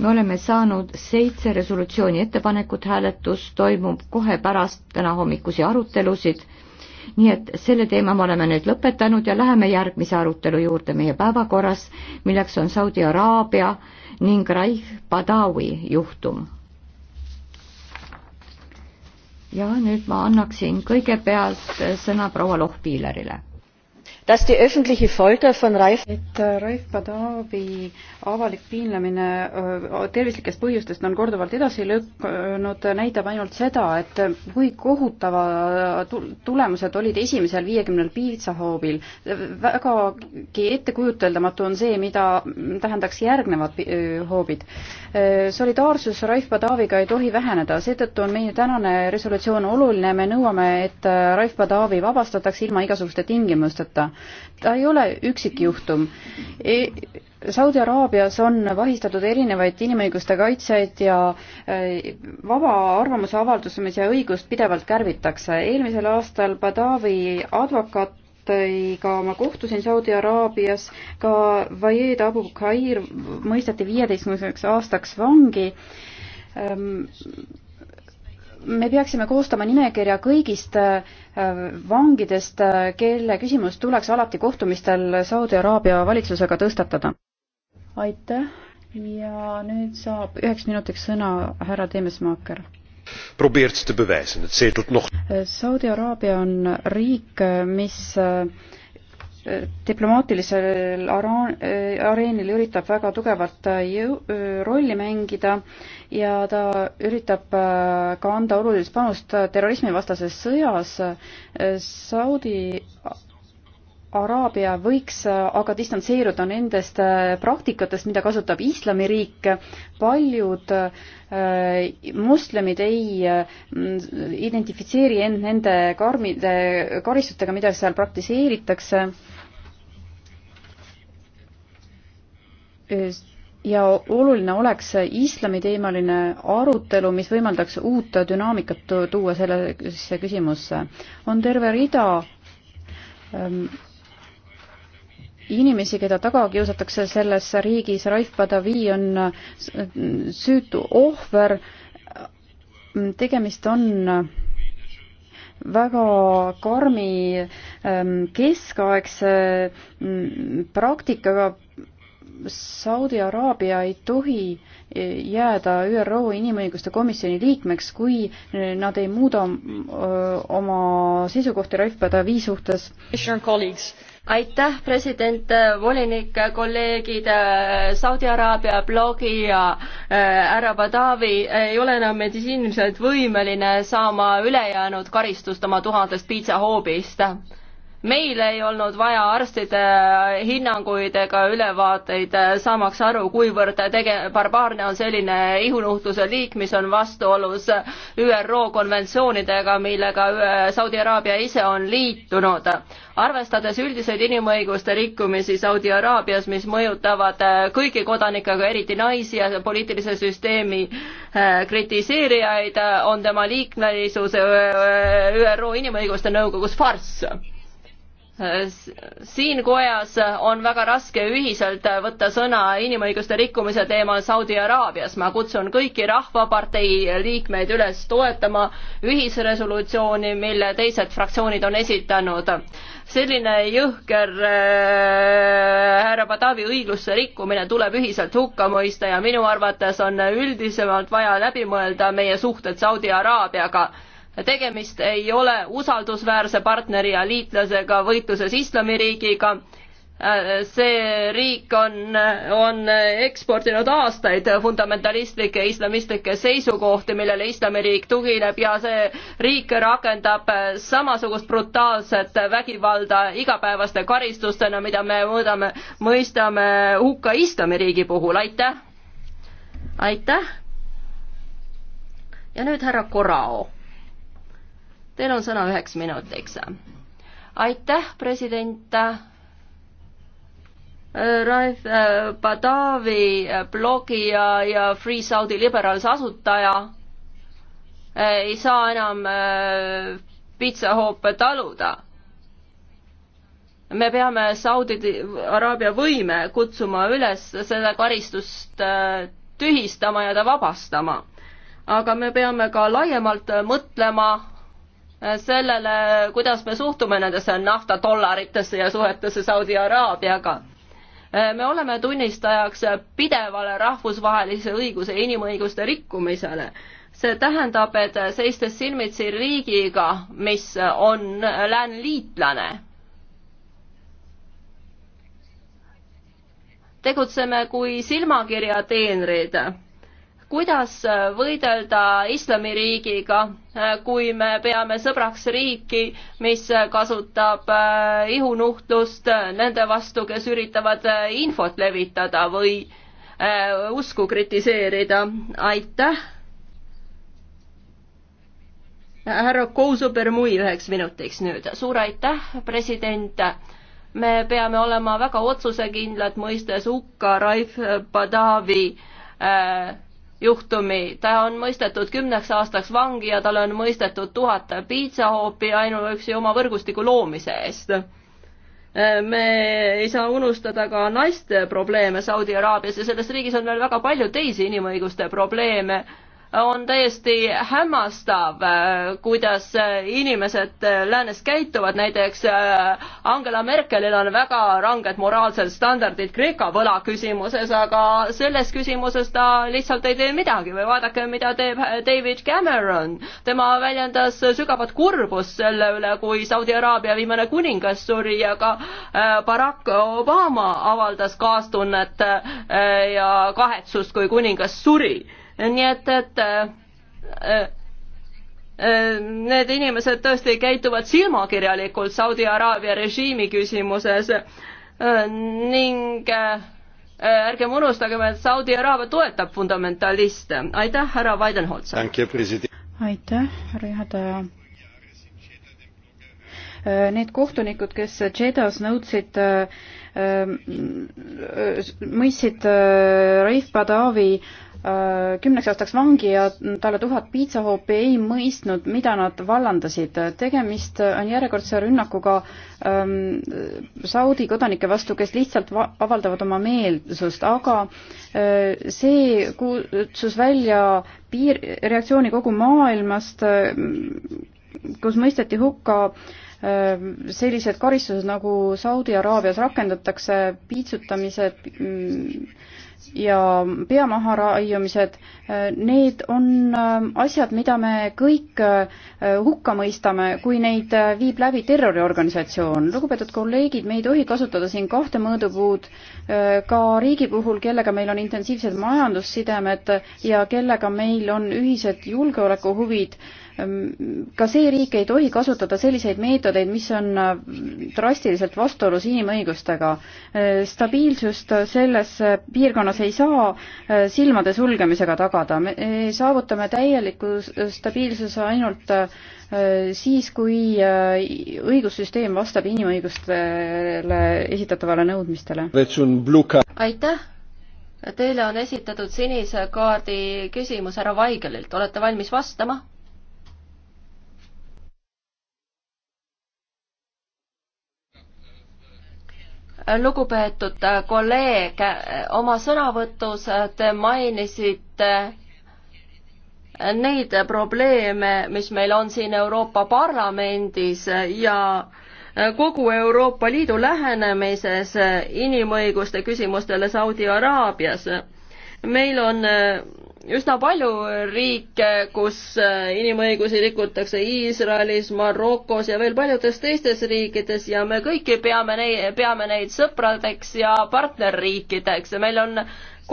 me oleme saanud seitse resolutsiooni ettepanekut, hääletus toimub kohe pärast tänahommikusi arutelusid, nii et selle teema me oleme nüüd lõpetanud ja läheme järgmise arutelu juurde meie päevakorras, milleks on Saudi Araabia ning Raif Badawi juhtum. ja nüüd ma annaksin kõigepealt sõna proua Lohpiilerile dass die öffentliche Folter von Raif et äh, Raif Badawi avalik piinlemine äh, tervislikest põhjustest on korduvalt edasi lükkunud, näitab ainult seda, et kui kohutava tulemused olid esimesel viiekümnel piitsahoobil. vägagi ettekujuteldamatu on see, mida tähendaks järgnevad hoobid solidaarsus Raif Badaviga ei tohi väheneda, seetõttu on meie tänane resolutsioon oluline, me nõuame, et Raif Badavi vabastatakse ilma igasuguste tingimusteta. ta ei ole üksikjuhtum e Saudi Araabias on vahistatud erinevaid inimõiguste kaitsjaid ja e, vaba arvamuse avaldusemise õigust pidevalt kärvitakse. eelmisel aastal Badavi advokaat Iga ma kohtusin Saudi Araabias, ka Vaied Abu Khair mõisteti viieteistkümneks aastaks vangi ehm, me peaksime koostama nimekirja kõigist ehm, vangidest, kelle küsimus tuleks alati kohtumistel Saudi Araabia valitsusega tõstatada. aitäh ja nüüd saab üheks minutiks sõna härra Teemesmaaker probeert te bewijzen. Het zetelt nog. Eh, Saudi Araabia on riik, eh, mis eh, diplomaatilisel areenil üritab väga tugevat jõu, rolli mängida ja ta üritab ka anda olulist panust terrorismivastasesse sõjas. Saudi Araabia võiks aga distantseeruda nendest äh, praktikatest, mida kasutab islamiriik. paljud äh, moslemid ei äh, identifitseeri end nende karmide karistustega, mida seal praktiseeritakse. ja oluline oleks islamiteemaline arutelu, mis võimaldaks uut dünaamikat tuua sellesse küsimusse. on terve rida ähm, inimesi, keda taga kiusatakse selles riigis, Raif Padavi on süütu ohver, tegemist on väga karmi ähm, keskaegse mm, praktikaga. Saudi Araabia ei tohi e, jääda ÜRO Inimõiguste Komisjoni liikmeks, kui e, nad ei muuda oma seisukohti Raif Padavi suhtes aitäh, president, äh, volinik, äh, kolleegid, äh, Saudi Araabia blogija härra Badavi ei ole enam meditsiiniliselt võimeline saama ülejäänud karistust oma tuhandest piitsahoobist meil ei olnud vaja arstide hinnanguid ega ülevaateid, eh, saamaks aru, kuivõrd tege-, barbaarne on selline ihunuhtluse liik, mis on vastuolus ÜRO konventsioonidega, millega äh, Saudi Araabia ise on liitunud. arvestades üldiseid inimõiguste rikkumisi Saudi Araabias, mis mõjutavad äh, kõiki kodanikke, aga eriti naisi ja poliitilise süsteemi äh, kritiseerijaid, on tema liikmelisus ÜRO Inimõiguste Nõukogus farss siin kojas on väga raske ühiselt võtta sõna inimõiguste rikkumise teemal Saudi Araabias. ma kutsun kõiki Rahvapartei liikmeid üles toetama ühisresolutsiooni, mille teised fraktsioonid on esitanud. selline jõhker äh, härra Padavi õiglusse rikkumine tuleb ühiselt hukka mõista ja minu arvates on üldisemalt vaja läbi mõelda meie suhted Saudi Araabiaga tegemist ei ole usaldusväärse partneri ja liitlasega võitluses islamiriigiga see riik on, on eksportinud aastaid fundamentalistlikke islamistlikke seisukohti, millele islamiriik tugineb ja see riik rakendab samasugust brutaalset vägivalda igapäevaste karistustena, mida me mõõdame, mõistame hukka islamiriigi puhul, aitäh! aitäh! ja nüüd härra Korao Teil on sõna üheks minutiks. aitäh, president. Raif äh, Badavi, äh, blogija ja Free Saudi Liberals asutaja äh, ei saa enam pitsahoope taluda me peame Saudi Araabia võime kutsuma üles seda karistust tühistama ja ta vabastama. aga me peame ka laiemalt mõtlema Äh, sellele, kuidas me suhtume nendesse naftadollaritesse ja suhetesse Saudi Araabiaga. Äh, me oleme tunnistajaks pidevale rahvusvahelise õiguse ja inimõiguste rikkumisele. see tähendab, et seistes silmitsi riigiga, mis on lääneliitlane, tegutseme kui silmakirjateenrid kuidas äh, võidelda islamiriigiga, äh, kui me peame sõbraks riiki, mis äh, kasutab ihunuhtlust nende vastu, kes üritavad infot levitada või usku kritiseerida. aitäh. härra Kousu-Bermui üheks minutiks nüüd. suur aitäh, president me peame olema väga otsusekindlad, mõistes hukka Raif Badavi äh, juhtumi. ta on mõistetud kümneks aastaks vangi ja talle on mõistetud tuhat piitsahoopi ainuüksi oma võrgustiku loomise eest. me ei saa unustada ka naiste probleeme Saudi Araabias ja selles riigis on veel väga palju teisi inimõiguste probleeme on täiesti hämmastav, äh, kuidas äh, inimesed äh, läänes käituvad, näiteks Angela Merkelil on väga ranged moraalsed standardid Kreeka võla küsimuses, aga selles küsimuses ta lihtsalt ei tee midagi või vaadake, mida teeb David Cameron. tema väljendas sügavat kurbust selle üle, kui Saudi Araabia viimane kuningas suri ja ka Barack Obama avaldas kaastunnet ja kahetsust, kui kuningas suri nii et, et äh, äh, äh, need inimesed tõesti käituvad silmakirjalikult Saudi Araabia režiimi küsimuses ning ärgem unustagem, et Saudi Araabia toetab fundamentaliste. aitäh, härra Weidenholzer! aitäh, härra juhataja! Need kohtunikud, kes Jeddas nõudsid mõistsid Raif Badavi Äh, kümneks aastaks vangi ja talle tuhat piitsahoopi ei mõistnud, mida nad vallandasid. tegemist on järjekordse rünnakuga ähm, Saudi kodanike vastu, kes lihtsalt avaldavad oma meelsust, aga äh, see kutsus välja piir, reaktsiooni kogu maailmast äh,, kus mõisteti hukka äh, sellised karistused, nagu Saudi Araabias rakendatakse, piitsutamised äh,, mm, ja pea maha raiumised, need on ähm, asjad, mida me kõik äh, hukka mõistame, kui neid äh, viib läbi terroriorganisatsioon. lugupeetud kolleegid, me ei tohi kasutada siin kahte mõõdupuud äh, ka riigi puhul, kellega meil on intensiivsed majandussidemed ja kellega meil on ühised julgeolekuhuvid Ehm, ka see riik ei tohi kasutada selliseid meetodeid, mis on äh, drastiliselt vastuolus inimõigustega. Ehm, stabiilsust selles äh, piirkonnas ei saa äh, silmade sulgemisega tagada. me saavutame täieliku stabiilsuse ainult siis, kui õigussüsteem vastab inimõigustele esitatavale nõudmistele. aitäh! Teile on esitatud sinise kaardi küsimus härra Vaigelilt, olete valmis vastama? lugupeetud äh, kolleeg, äh, oma sõnavõtus äh, te mainisite neid probleeme, mis meil on siin Euroopa Parlamendis ja kogu Euroopa Liidu lähenemises inimõiguste küsimustele Saudi Araabias. meil on üsna palju riike, kus äh, inimõigusi rikutakse Iisraelis, Marokos ja veel paljudes teistes riikides ja me kõiki peame neid, peame neid sõpradeks ja partnerriikideks ja meil on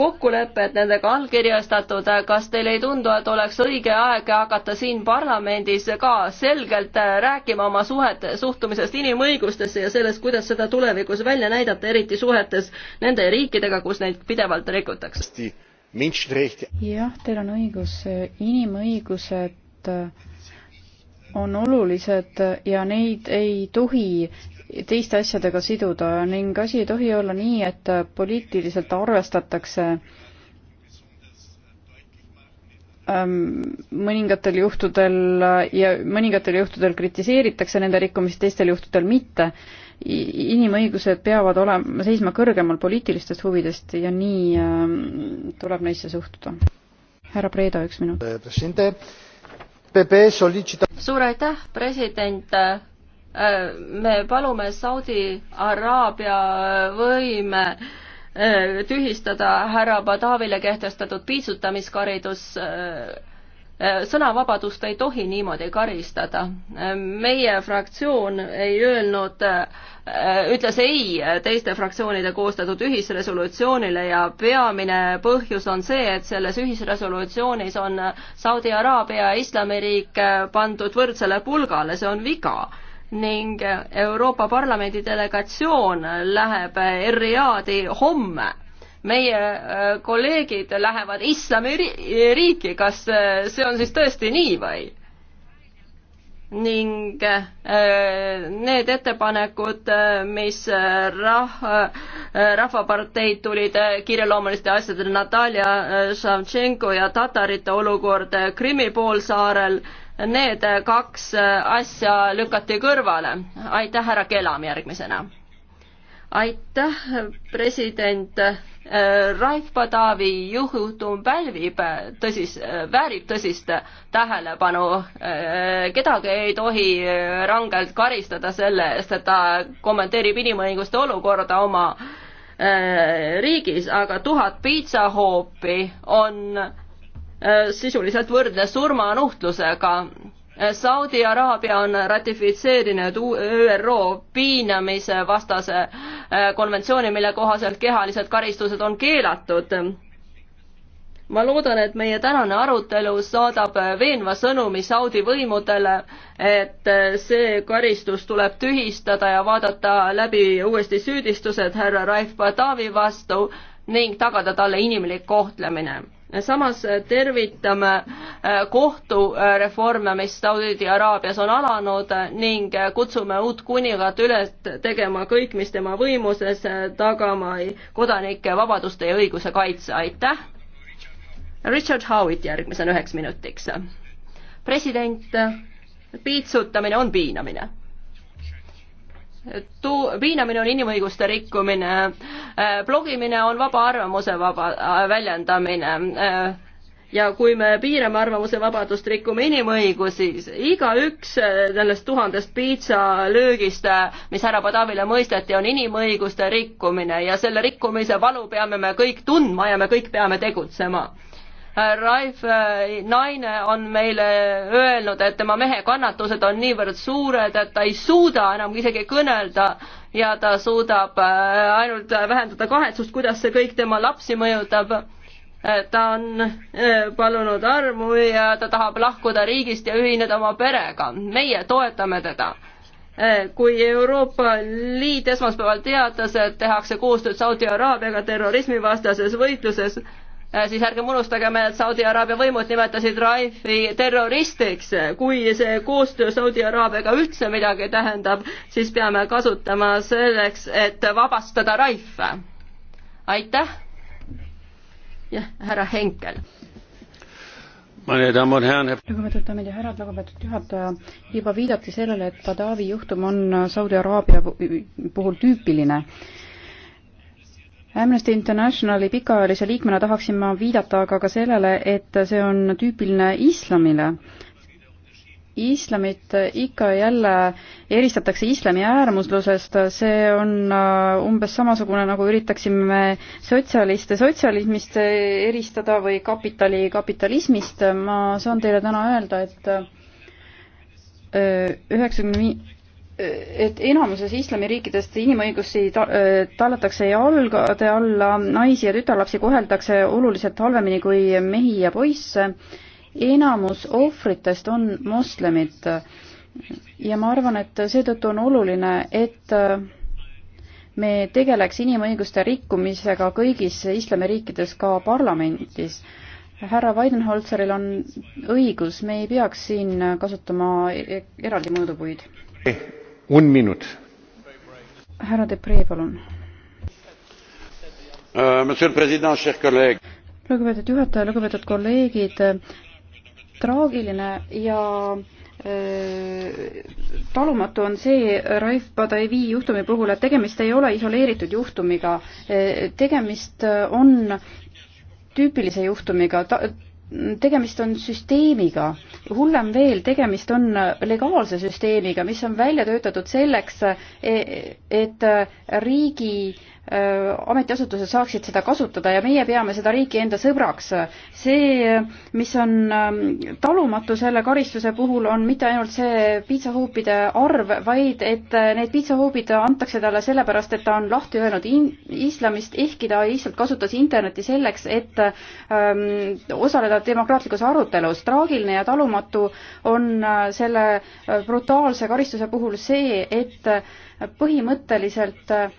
kokkulepped nendega allkirjastatud, kas teile ei tundu, et oleks õige aeg hakata siin parlamendis ka selgelt äh, rääkima oma suhete, suhtumisest inimõigustesse ja sellest, kuidas seda tulevikus välja näidata, eriti suhetes nende riikidega, kus neid pidevalt rikutakse? jah, teil on õigus, inimõigused on olulised ja neid ei tohi teiste asjadega siduda ning asi ei tohi olla nii, et poliitiliselt arvestatakse ähm, mõningatel juhtudel ja mõningatel juhtudel kritiseeritakse nende rikkumist, teistel juhtudel mitte inimõigused peavad olema, seisma kõrgemal poliitilistest huvidest ja nii ähm, tuleb neisse suhtuda. härra Preeda, üks minut. Eh, suur aitäh, president. Eh, me palume Saudi Araabia võime eh, tühistada härra Badavile kehtestatud piitsutamiskaridus Äh, sõnavabadust ei tohi niimoodi karistada. Äh, meie fraktsioon ei öelnud, äh, ütles ei teiste fraktsioonide koostatud ühisresolutsioonile ja peamine põhjus on see, et selles ühisresolutsioonis on Saudi Araabia ja Islamiriik pandud võrdsele pulgale, see on viga ning Euroopa Parlamendi delegatsioon läheb Riyadi homme meie äh, kolleegid lähevad islamiriiki, kas äh, see on siis tõesti nii või? ning äh, need ettepanekud, mis rah-, Rahvaparteid tulid kiireloomuliste asjadele, Natalja Šavtšenko ja tatarite olukord Krimmi poolsaarel, need kaks asja lükati kõrvale. aitäh, härra Kelam järgmisena. aitäh, president Raif Badavi juhtum pälvib tõsis, väärib tõsist tähelepanu. kedagi ei tohi rangelt karistada selle eest, et ta kommenteerib inimõiguste olukorda oma äh, riigis, aga tuhat piitsahoopi on äh, sisuliselt võrdne surmanuhtlusega Saudi Araabia on ratifitseerinud ÜRO piinamise vastase äh, konventsiooni, mille kohaselt kehalised karistused on keelatud. ma loodan, et meie tänane arutelu saadab veenva sõnumi Saudi võimudele, et äh, see karistus tuleb tühistada ja vaadata läbi uuesti süüdistused härra Raif Badavi vastu ning tagada talle inimlik kohtlemine samas tervitame äh, kohtureforme, mis Saudi Araabias on alanud ning äh, kutsume uut kuningat üles tegema kõik, mis tema võimuses, äh, tagama kodanike vabaduste ja õiguse kaitse, aitäh. Richard Howitt järgmisena üheks minutiks. president, piitsutamine on piinamine too, piinamine on inimõiguste rikkumine, äh, blogimine on vaba arvamuse vaba äh, väljendamine äh, ja kui me piirame arvamusevabadust, rikume inimõigusi, igaüks sellest tuhandest piitsalöögist, mis härra Padavile mõisteti, on inimõiguste rikkumine ja selle rikkumise valu peame me kõik tundma ja me kõik peame tegutsema Raif äh, naine on meile öelnud, et tema mehe kannatused on niivõrd suured, et ta ei suuda enam isegi kõnelda ja ta suudab äh, ainult vähendada kahetsust, kuidas see kõik tema lapsi mõjutab. Äh, ta on palunud armu ja ta tahab lahkuda riigist ja ühineda oma perega. meie toetame teda kui Euroopa Liit esmaspäeval teatas, et tehakse koostööd Saudi Araabiaga terrorismivastases võitluses, Äh, siis ärgem unustagem, et Saudi Araabia võimud nimetasid Raifi terroristiks. kui see koostöö Saudi Araabiaga üldse midagi tähendab, siis peame kasutama selleks, et vabastada Raif. aitäh. jah, härra Henkel lugupeetud daamid ja härrad, lugupeetud juhataja, juba viidati sellele, et Gaddafi juhtum on Saudi Araabia puhul tüüpiline Amnesty Internationali pikaajalise liikmena tahaksin ma viidata aga ka sellele, et see on tüüpiline islamile. islamit ikka ja jälle eristatakse islami äärmuslusest, see on äh, umbes samasugune, nagu üritaksime sotsialiste sotsialismist eristada või kapitali kapitalismist. ma saan teile täna öelda, et äh, üheksakümne 95 et enamuses islamiriikidest inimõigusi ta-, äh, tallatakse jalgade alla, naisi ja tütarlapsi koheldakse oluliselt halvemini kui mehi ja poisse, enamus ohvritest on moslemid. ja ma arvan, et seetõttu on oluline, et äh, me tegeleks inimõiguste rikkumisega kõigis islamiriikides, ka parlamendis härra Weidenholzeril on õigus, me ei peaks siin kasutama e-, eraldi mõõdupuid härra depree palun! Euh, lugupeetud juhataja lugupeetud kolleegid traagiline ja äh, talumatu on see Raif Padaevi juhtumi puhul, et tegemist ei ole isoleeritud juhtumiga, äh, tegemist on tüüpilise juhtumiga ta, tegemist on süsteemiga, hullem veel, tegemist on legaalse süsteemiga, mis on välja töötatud selleks, e-, et riigi Äh, ametiasutused saaksid seda kasutada ja meie peame seda riiki enda sõbraks. see, mis on ähm, talumatu selle karistuse puhul, on mitte ainult see piitsahoopide arv, vaid et äh, need piitsahoobid antakse talle sellepärast, et ta on lahti öelnud islamist, ehkki ta lihtsalt kasutas internetti selleks, et ähm, osaleda demokraatlikus arutelus. traagiline ja talumatu on äh, selle brutaalse karistuse puhul see, et põhimõtteliselt äh,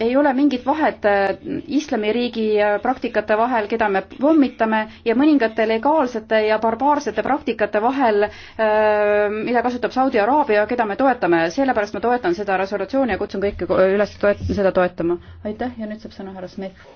ei ole mingit vahet äh, islamiriigi äh, praktikate vahel, keda me pommitame, ja mõningate legaalsete ja barbaarsete praktikate vahel, äh, mida kasutab Saudi Araabia, keda me toetame. sellepärast ma toetan seda resolutsiooni ja kutsun kõiki üles toet-, seda toetama. aitäh ja nüüd saab sõna härra Smith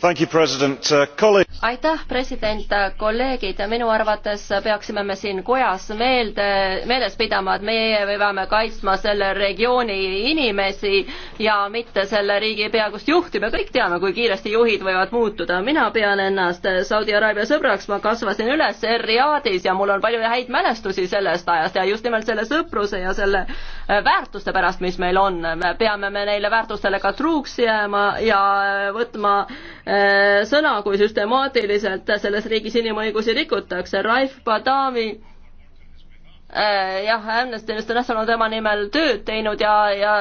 Uh, aitäh president kolleegid minu arvates peaksime me siin kojas meelde meeles pidama et meie peame kaitsma selle regiooni inimesi ja mitte selle riigi pea kust juhti me kõik teame kui kiiresti juhid võivad muutuda mina pean ennast Saudi Araabia sõbraks ma kasvasin üles Riyadis ja mul on palju häid mälestusi sellest ajast ja just nimelt selle sõpruse ja selle väärtuste pärast, mis meil on, me peame me neile väärtustele ka truuks jääma ja äh, võtma äh, sõna, kui süstemaatiliselt selles riigis inimõigusi rikutakse. Raif Badami äh, jah, Amnesty International on tema nimel tööd teinud ja, ja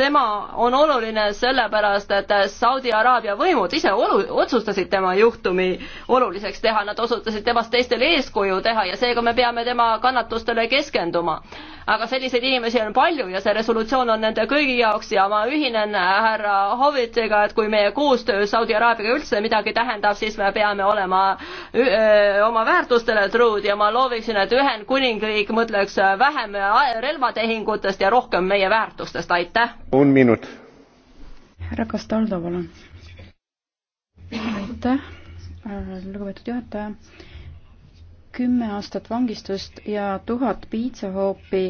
tema on oluline sellepärast, et Saudi Araabia võimud ise olu-, otsustasid tema juhtumi oluliseks teha, nad osutasid temast teistele eeskuju teha ja seega me peame tema kannatustele keskenduma aga selliseid inimesi on palju ja see resolutsioon on nende kõigi jaoks ja ma ühinen äh, härra Hovitiga, et kui meie koostöö Saudi Araabiaga üldse midagi tähendab, siis me peame olema öö, äh, oma väärtustele truud ja ma looviksin, et Ühendkuningriik mõtleks äh, vähem relvatehingutest ja rohkem meie väärtustest, aitäh! on minut. härra Castaldo, palun. aitäh, lugupeetud juhataja kümme aastat vangistust ja tuhat piitsahoopi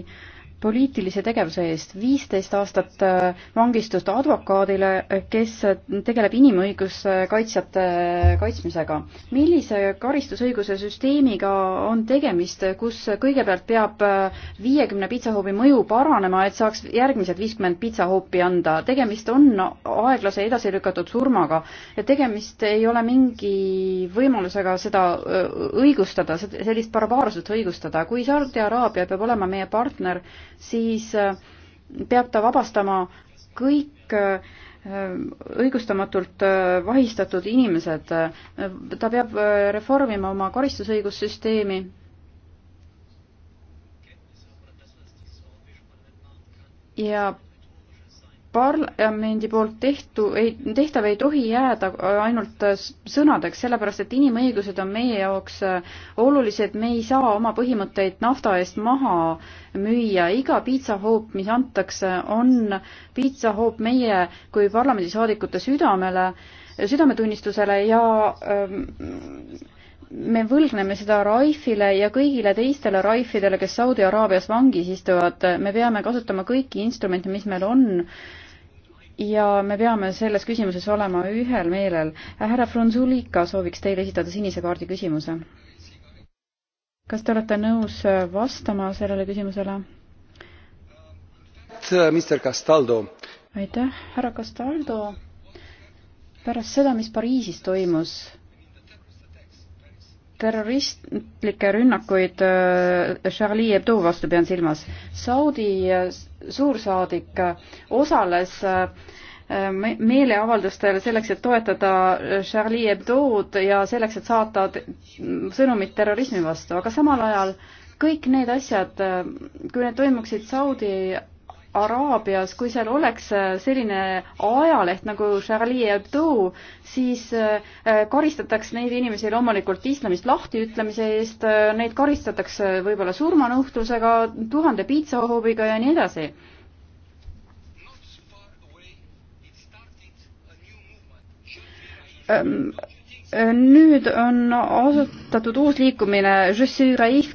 poliitilise tegevuse eest, viisteist aastat äh, vangistust advokaadile, kes äh, tegeleb inimõiguste kaitsjate äh, kaitsmisega. millise karistusõiguse süsteemiga on tegemist, kus kõigepealt peab viiekümne pitsahoobi mõju paranema, et saaks järgmised viiskümmend pitsahoopi anda? tegemist on aeglase edasi lükatud surmaga. tegemist ei ole mingi võimalusega seda õigustada, sellist barbaarsust õigustada. kui Saudi Araabia peab olema meie partner, siis äh, peab ta vabastama kõik äh, õigustamatult äh, vahistatud inimesed. ta peab reformima oma karistusõigussüsteemi. ja parlamendi poolt tehtu, ei, tehtav ei tohi jääda ainult sõnadeks, sellepärast et inimõigused on meie jaoks äh, olulised, me ei saa oma põhimõtteid nafta eest maha müüa, iga piitsahoop, mis antakse, on piitsahoop meie kui parlamendisaadikute südamele, südametunnistusele ja öö, ähm, me võlgneme seda Raifile ja kõigile teistele Raifidele, kes Saudi Araabias vangis istuvad, me peame kasutama kõiki instrumente, mis meil on ja me peame selles küsimuses olema ühel meelel. härra Frunzulika sooviks teile esitada sinise kaardi küsimuse. kas te olete nõus vastama sellele küsimusele? aitäh, härra Castaldo. pärast seda, mis Pariisis toimus terroristlikke rünnakuid äh, Charlie Hebdo vastu pean silmas. Saudi äh, suursaadik äh, osales meeleavaldustel selleks, et toetada Charlie Hebdo'd ja selleks, et saata sõnumit terrorismi vastu, aga samal ajal kõik need asjad, kui need toimuksid Saudi Araabias, kui seal oleks äh, selline ajaleht nagu Charlie Hebdo, siis äh, äh, karistataks neid inimesi loomulikult islamist lahtiütlemise eest, neid karistatakse võib-olla surmanuhtlusega, tuhande piitsahoobiga ja nii edasi. Um, ähm nüüd on asutatud uus liikumine,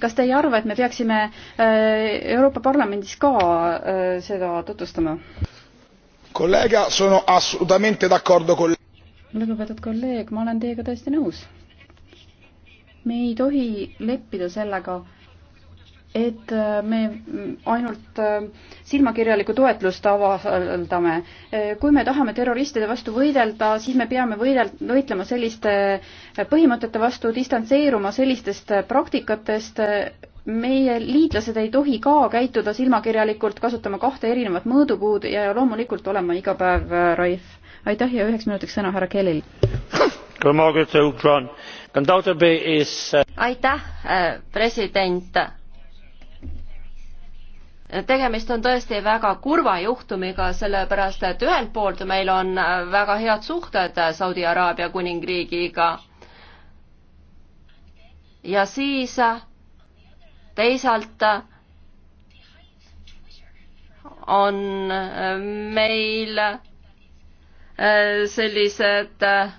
kas te ei arva, et me peaksime äh, Euroopa Parlamendis ka äh, seda tutvustama? lugupeetud kolleeg, ma olen teiega täiesti nõus. me ei tohi leppida sellega, et äh, me ainult äh, silmakirjalikku toetlust avaldame. Äh, kui me tahame terroristide vastu võidelda, siis me peame võidel-, võitlema selliste põhimõtete vastu, distantseeruma sellistest praktikatest, meie liitlased ei tohi ka käituda silmakirjalikult, kasutama kahte erinevat mõõdupuud ja loomulikult olema iga päev raif. aitäh ja üheks minutiks sõna härra Kellil. aitäh, president tegemist on tõesti väga kurva juhtumiga, sellepärast et ühelt poolt meil on väga head suhted Saudi Araabia kuningriigiga. ja siis teisalt on meil sellised äh,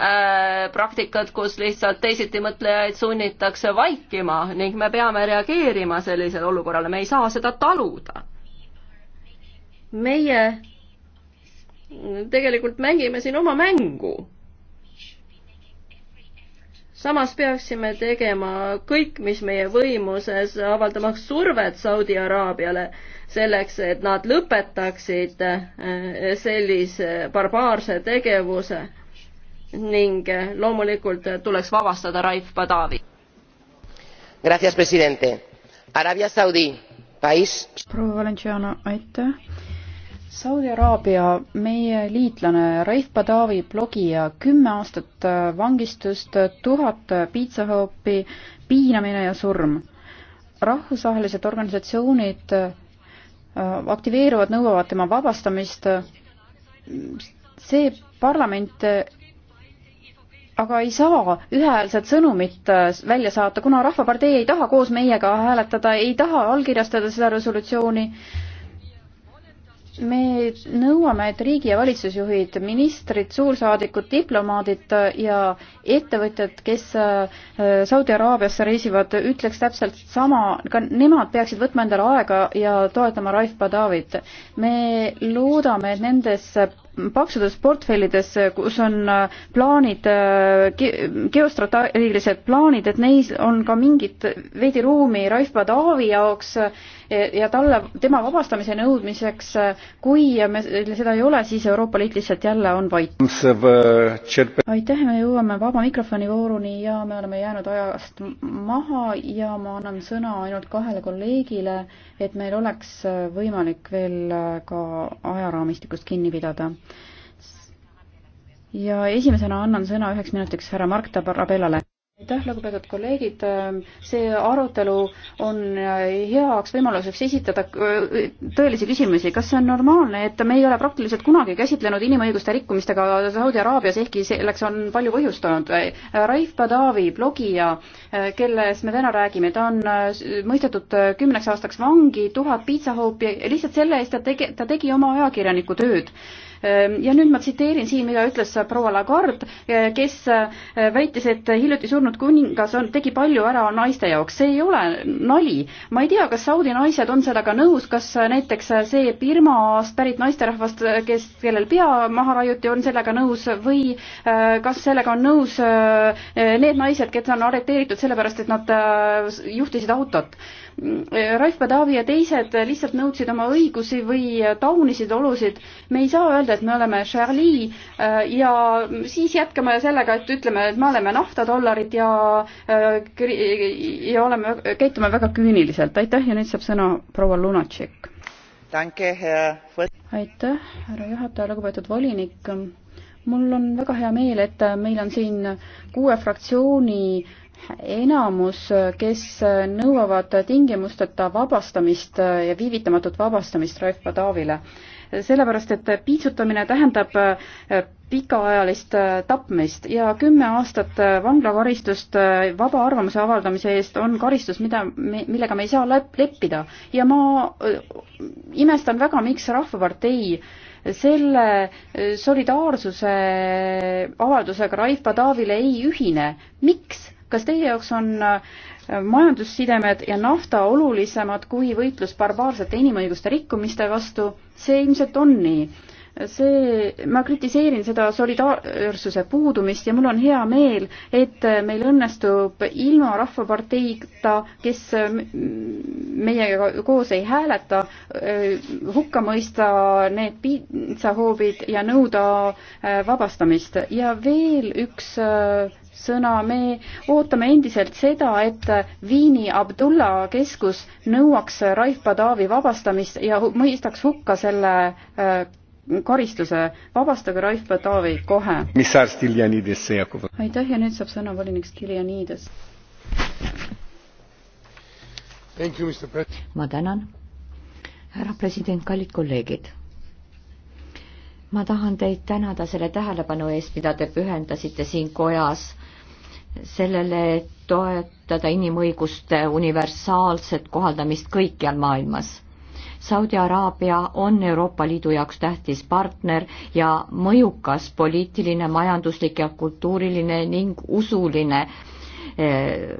Äh, praktikat, kus lihtsalt teisitimõtlejaid sunnitakse vaikima ning me peame reageerima sellisele olukorrale, me ei saa seda taluda. meie tegelikult mängime siin oma mängu samas peaksime tegema kõik, mis meie võimuses, avaldamaks survet Saudi Araabiale selleks, et nad lõpetaksid äh, sellise barbaarse tegevuse ning loomulikult tuleks vabastada Raif Badavi. Araabia Saudi, pais. proua Valenciano, aitäh. Saudi Araabia, meie liitlane Raif Badavi blogija, kümme aastat äh, vangistust, tuhat piitsahoopi, piinamine ja surm. rahvusvahelised organisatsioonid äh, aktiveeruvad, nõuavad tema vabastamist. see parlament aga ei saa ühehäälset sõnumit äh, välja saata, kuna Rahvapartei ei taha koos meiega hääletada, ei taha allkirjastada seda resolutsiooni. me nõuame, et riigi- ja valitsusjuhid, ministrid, suursaadikud, diplomaadid ja ettevõtjad, kes äh, Saudi Araabiasse reisivad, ütleks täpselt sama, ka nemad peaksid võtma endale aega ja toetama Raif Badavit. me loodame, et nendes paksudes portfellides, kus on äh, plaanid, äh, geostrateegilised plaanid, et neis on ka mingit veidi ruumi Raif Badavi jaoks äh, ja talle, tema vabastamise nõudmiseks, kui me seda ei ole, siis Euroopa Liit lihtsalt jälle on vait. aitäh, me jõuame vaba mikrofoni vooruni ja me oleme jäänud ajast maha ja ma annan sõna ainult kahele kolleegile, et meil oleks võimalik veel ka ajaraamistikust kinni pidada ja esimesena annan sõna üheks minutiks härra Mark Tarabellale aitäh, lugupeetud kolleegid, see arutelu on heaks võimaluseks esitada äh, tõelisi küsimusi, kas see on normaalne, et me ei ole praktiliselt kunagi käsitlenud inimõiguste rikkumistega Saudi Araabias, ehkki selleks on palju põhjust olnud. Raif Badavi, blogija, äh, kellest me täna räägime, ta on äh, mõistetud kümneks aastaks vangi, tuhat piitsahoopi, lihtsalt selle eest, et ta tegi oma ajakirjaniku tööd Ehm, ja nüüd ma tsiteerin siin, mida ütles äh, proua Lagarde, äh, kes äh, väitis, et hiljuti surnud kuningas on, tegi palju ära naiste jaoks. see ei ole nali. ma ei tea, kas Saudi naised on sellega nõus, kas näiteks see Birmast pärit naisterahvast, kes, kellel pea maha raiuti, on sellega nõus või kas sellega on nõus need naised, kes on arreteeritud sellepärast, et nad juhtisid autot Raif Badavi ja teised lihtsalt nõudsid oma õigusi või taunisid olusid. me ei saa öelda, et me oleme Charlie äh, ja siis jätkame sellega, et ütleme, et me oleme naftadollarid ja äh, ja oleme, käitume väga küüniliselt. aitäh ja nüüd saab sõna proua Lunatšik. aitäh, härra juhataja, lugupeetud volinik mul on väga hea meel, et meil on siin kuue fraktsiooni enamus, kes nõuavad tingimusteta vabastamist ja viivitamatut vabastamist Raif Badavile. sellepärast, et piitsutamine tähendab eh, pikaajalist eh, tapmist ja kümme aastat eh, vanglakaristust vaba arvamuse avaldamise eest on karistus, mida me, millega me ei saa leppida. ja ma imestan väga, miks Rahvapartei selle solidaarsuse avaldusega Raif Badavile ei ühine. miks? kas teie jaoks on äh, majandussidemed ja nafta olulisemad kui võitlus barbaarsete inimõiguste rikkumiste vastu? see ilmselt on nii. see, ma kritiseerin seda solidaarsuse puudumist ja mul on hea meel, et meil õnnestub ilma Rahvaparteita, kes meiega koos ei hääleta, äh, hukka mõista need piitsahoobid ja nõuda äh, vabastamist. ja veel üks sõna, me ootame endiselt seda, et Viini Abdullah keskus nõuaks Raif Badavi vabastamist ja mõistaks hukka selle äh, karistuse, vabastage Raif Badavi kohe. aitäh ja nüüd saab sõna volinik Stiljanides. ma tänan, härra president, kallid kolleegid ma tahan teid tänada selle tähelepanu eest, mida te pühendasite siin kojas sellele, et toetada inimõiguste universaalset kohaldamist kõikjal maailmas. Saudi Araabia on Euroopa Liidu jaoks tähtis partner ja mõjukas poliitiline, majanduslik ja kultuuriline ning usuline eh,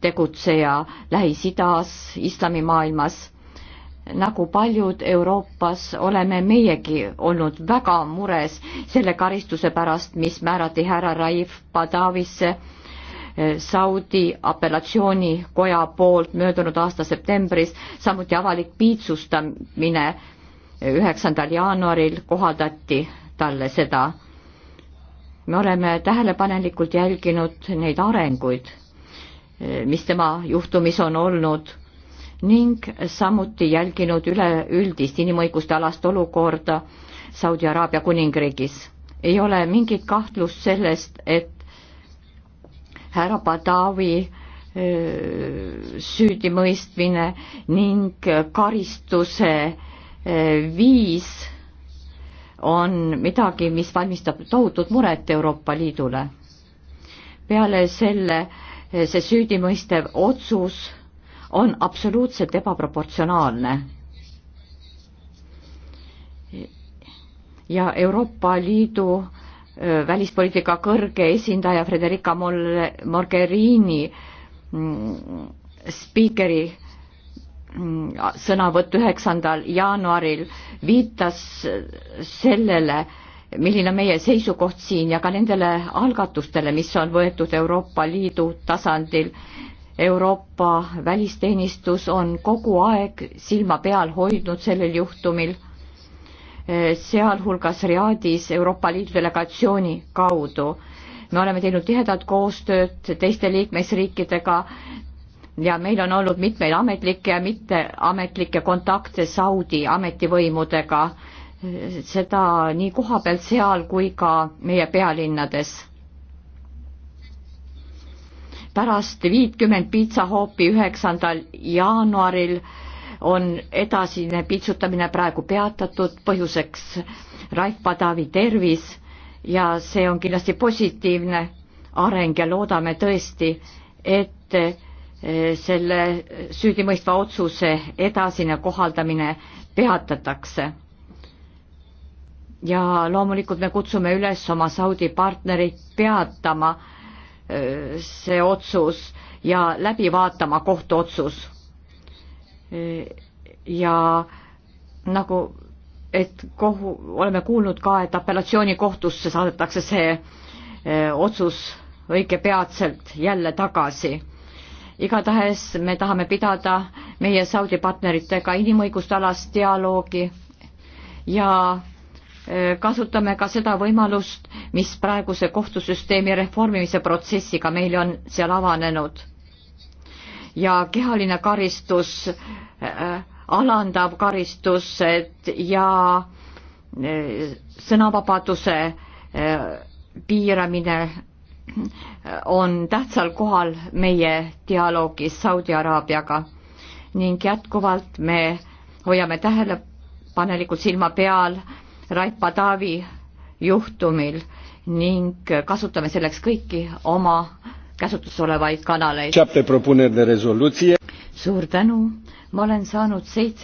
tegutseja Lähis-Idas, islamimaailmas nagu paljud Euroopas oleme meiegi olnud väga mures selle karistuse pärast, mis määrati härra Raif Badavisse eh, Saudi apellatsioonikoja poolt möödunud aasta septembris, samuti avalik piitsustamine eh, üheksandal jaanuaril kohaldati talle seda. me oleme tähelepanelikult jälginud neid arenguid, eh, mis tema juhtumis on olnud ning samuti jälginud üleüldist inimõiguste alast olukorda Saudi Araabia kuningriigis. ei ole mingit kahtlust sellest, et härra Badawi süüdimõistmine ning karistuse viis on midagi, mis valmistab tohutut muret Euroopa Liidule. peale selle see süüdimõistev otsus on absoluutselt ebaproportsionaalne. ja Euroopa Liidu välispoliitika kõrge esindaja Frederica Mogherini mm, spiikeri mm, sõnavõtt üheksandal jaanuaril viitas sellele, milline on meie seisukoht siin ja ka nendele algatustele, mis on võetud Euroopa Liidu tasandil Euroopa välisteenistus on kogu aeg silma peal hoidnud sellel juhtumil, eh, sealhulgas Riadis Euroopa Liidu delegatsiooni kaudu. me oleme teinud tihedat koostööd teiste liikmesriikidega ja meil on olnud mitmeid ametlikke ja mitteametlikke kontakte Saudi ametivõimudega, eh, seda nii kohapeal seal kui ka meie pealinnades pärast viitkümmend piitsahoopi üheksandal jaanuaril on edasine piitsutamine praegu peatatud, põhjuseks Raif Padavi tervis ja see on kindlasti positiivne areng ja loodame tõesti, et eh, selle süüdimõistva otsuse edasine kohaldamine peatatakse. ja loomulikult me kutsume üles oma Saudi partnerit peatama äh, see otsus ja läbi vaatama kohtuotsus. ja nagu, et kohu, oleme kuulnud ka, et apellatsioonikohtusse saadetakse see e, otsus õigepeatselt jälle tagasi. igatahes me tahame pidada meie Saudi partneritega inimõiguste alast dialoogi ja kasutame ka seda võimalust, mis praeguse kohtusüsteemi reformimise protsessiga meil on seal avanenud. ja kehaline karistus äh,, alandav karistused ja äh, sõnavabaduse äh, piiramine äh, on tähtsal kohal meie dialoogis Saudi Araabiaga ning jätkuvalt me hoiame tähelepanelikult silma peal äh, Raipa Taavi juhtumil ning kasutame selleks kõiki oma käsutuses olevaid kanaleid. suur tänu, ma olen saanud seitse